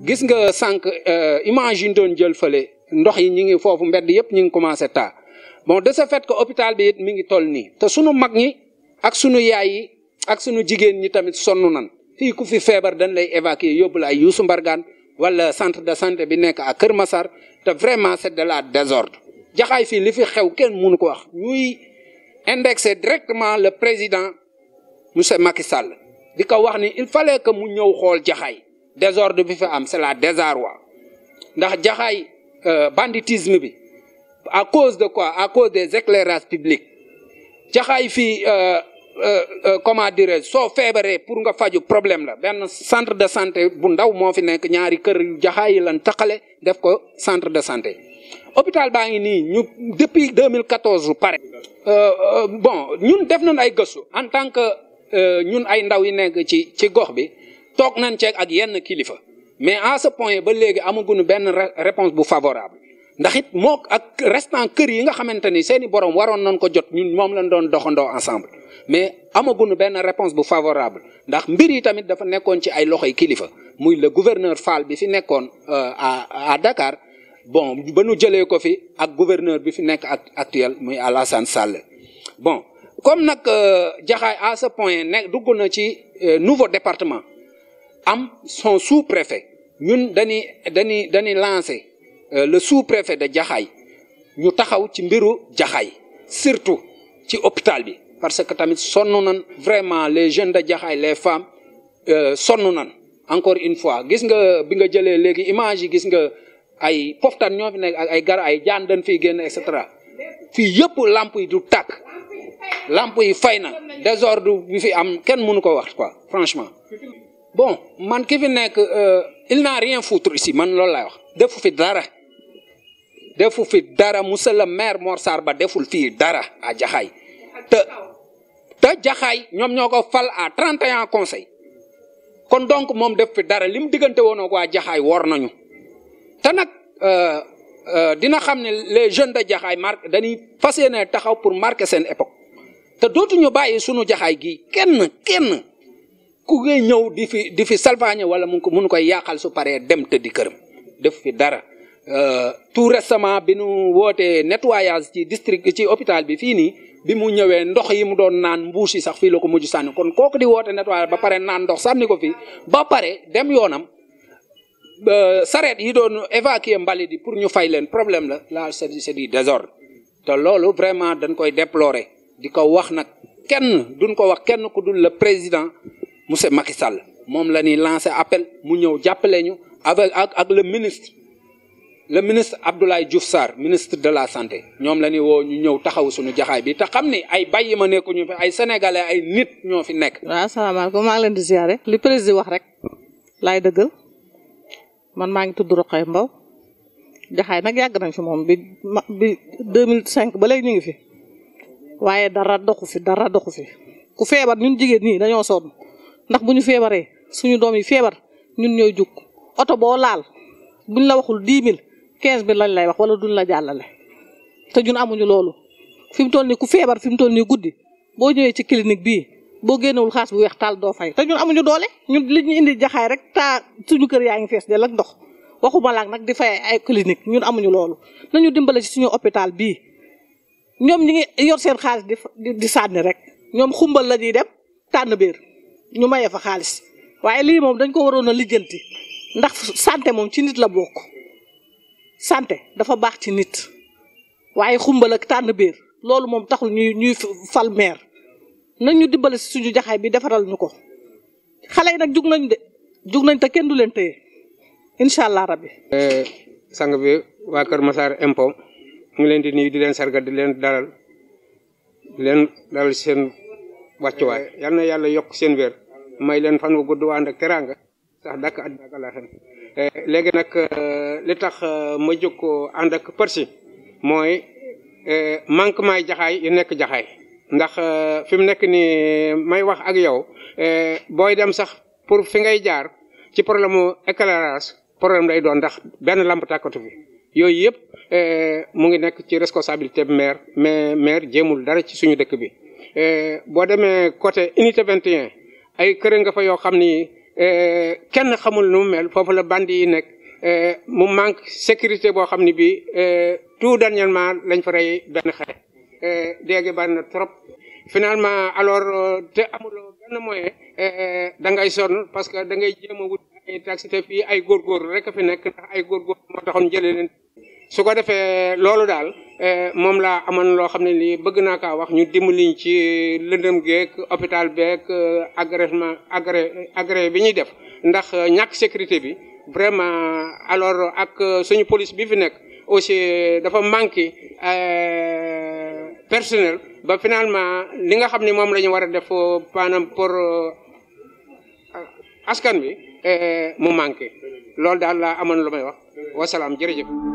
gis nga sànq euh, image yi ñu doon jël ndox yi ñi ngi fofu mbedd yépp ñi ngi commencé ta bon de ce fait que hôpital bi mi ngi toll ni te suñu mag ñi ak suñu yaay ak suñu jigen ñi tamit sonu nan fi ku fi fièvre dañ lay évacuer yóbbu la ay Mbargane wala centre de santé bi nekk à te vraiment c'est de la désordre jaxay fi li fi xew kenn mënu ko wax ñuy indexé directement le président monsieur Macky Sall di ko wax ni il fallait que mu ñew xol jaxay désordre bi fi am c'est la désarroi ndax jaxaay euh, banditisme bi à cause de quoi à cause des éclairages publics jaxaay fi euh, euh, comment dire so soo pour nga faju problème la Ben centre de santé bu ndaw mo fi nek ñaari kër yu lan takalé def ko centre de santé hôpital baa ngi ñu depuis 2014 pareil. bon ñun def nañ ay en tant que ñun ay ndaw yi nek ci ci gox bi tok nañ ci ak yenn kilifa mais à ce point ba léegi amaguñu benn réponse bu favorable ndax it moo ak restant kër yi nga xamante ni seen i borom waroon nañ ko jot ñun moom lañ doon doxandoo ensemble mais amaguñu benn réponse bu favorable ndax mbir yi tamit dafa nekkoon ci ay loxoy kilifa muy le gouverneur Fall bi fi nekkoon euh, à à Dakar bon ba nu jëlee ko fi ak gouverneur bi fi nekk ak actuel muy Alassane Sall bon comme nag euh, jaxaay à ce point ne dugg na ci euh, nouveau département am son sous-préfet ñun dañuy dañuy dañuy lancé euh, le sous-préfet de Jaxaay ñu taxaw ci mbiru Jaxaay surtout ci hôpital bi parce que tamit sonu nan vraiment les jeunes de Jaxaay les femmes euh, sonu nan encore une fois gis nga bi nga jëlé légui image yi gis nga ay poftan ñofi nek ay gar ay jaan fi fiy génn et cetera fii yëpp yi du tak lamp yi fayna désordre bi fi am kenn mënu ko wax quoi franchement bon man ki fi nekk euh, il n'a rien foutre ici man loolu lay wax defu fi dara defu fi dara monsieur le maire Mor Sarr Ba deful fii dara à Jaxaay te te Jaxaay ñoom ñoo ko fal à 31 conseil kon donc moom def fi dara lim mu diggante woon ak waa Jaxaay wor nañu te nag euh, euh, dina xam ne les jeunes de Jaxaay marque dañuy fas taxaw pour marquer seen époque te dootuñu bàyyi sunu Jaxaay gi kenn kenn. ku ngay ñëw di fi di fi salfaañe wala mun ko mun koy yàqal su paree dem tëddi këram def fi dara euh, tout récemment bi nu wootee nettoyage ci district ci hôpital bi fii nii bi mu ñëwee ndox yi mu doon naan mbuus yi sax fii la ko mujj sànni kon kooku di woote nettoyage ba pare naan ndox sànni ko fii ba pare dem yoonam sareet yi doon évacuer mbalit yi pour ñu fay leen problème la la c'est du désordre te loolu vraiment dañ koy déplorer di ko wax nag kenn duñ ko wax kenn ku dul le président monsieur Macky Sall moom la ñuy lancé appel mu ñëw jàppale ñu avec ak ak le ministre le ministre Abdoulaye Diouf Sarr ministre de la santé ñoom la ñuy woo ñu ñëw taxaw suñu jaxaay bi te xam ni ay bàyyi ma nekkuñu fi ay sénégalais ay nit ñoo fi nekk. waaw asalaamaaleykum maa ngi leen di ziare li président wax rek laay dëggal man maa ngi tudd Roqay Mbow jaxaay nag yàgg nañ fi moom bi ma bi 2005 ba léegi ñu ngi fi waaye dara doxu fi dara doxu fi ku feebar ñun jigéen ñi dañoo sonn. ndax bu ñu feebaree suñu doom yi feebar ñun ñooy jug oto boo laal buñ la waxul dix mille quinze mille lañ lay wax wala duñ la jàllale te ñun amuñu loolu fi mu toll nii ku feebar fi mu toll nii guddi boo ñëwee ci clinique bi boo génnewul xaas bu weex taal doo fay te ñun amuñu doole ñun li ñu indi jaxaay rek taa suñu kër yaa ngi fees del ak ndox waxuma laak nag di fay ay clinique ñun amuñu loolu nañu dimbale ci suñu hôpital bii ñoom ñi ngi yor seen xaalis di di sànni rek ñoom xumbal la ñuy dem tànn biir ñu maye fa xaalis waaye lii moom dañ ko waroon a lijjanti ndax sante moom ci nit la bokk santé dafa baax ci nit waaye xumbal ak tànn biir loolu moom taxul ñuy ñuy fal maire nañ ñu dimbale si suñu jaxaay bi defaral ñu ko xale yi nag jug nañ de jug nañ te kenn du leen téye incha allah rabbi. Eh, sang bi waa Kër Massar Impôts mu ngi leen di nii di leen sargal di leen dalal di leen dalal seen waaye yal na yàlla yokk seen weer may leen fan wu gudd waa ànd ak teraanga sax dàkk àddina ak àllaaxira eh, léegi nag eh, li tax eh, ma jóg ko ànd ak Percy mooy manquement yi jaxaay yu nekk jaxaay ndax fi mu nekk nii may wax ak yow booy dem sax pour fi ngay jaar ci problème mu éclairage problème lay doon ndax benn lamp tàkkatu fi yooyu yëpp mu ngi nekk ci responsabilité bi maire mais maire jéemul dara ci suñu dëkk bi boo demee côté unité 21 ay kër nga fa yoo xam ni eh, kenn xamul nu mu mel foofu la bandi yi nekk eh, mu manque sécurité boo xam ni bi eh, tout dernièrement lañ fa rey benn xale déegi bari na trop finalement alors euh, te amuloo benn moyen da ngay sonn parce que da ngay jéem a wut ay taxi te fii ay góorgóorlu rek a fi nekk ndax ay góorgóorlu moo taxoon jëlee leen su ko defee loolu daal Eh, moom laa amoon loo xam ne lii bëgg naa kaa wax ñu dimbaliñ ci lëndëm geek hôpital beek eh, agrément agré agré bi ñuy def ndax eh, ñàkk sécurité bi vraiment alors ak suñu police bi fi nekk aussi dafa manqué personnel ba finalement li nga xam ni moom la ñu war a def maanaam pour askan bi mu manqué loolu daal laa amoon lu may wax wasalaam jërëjëf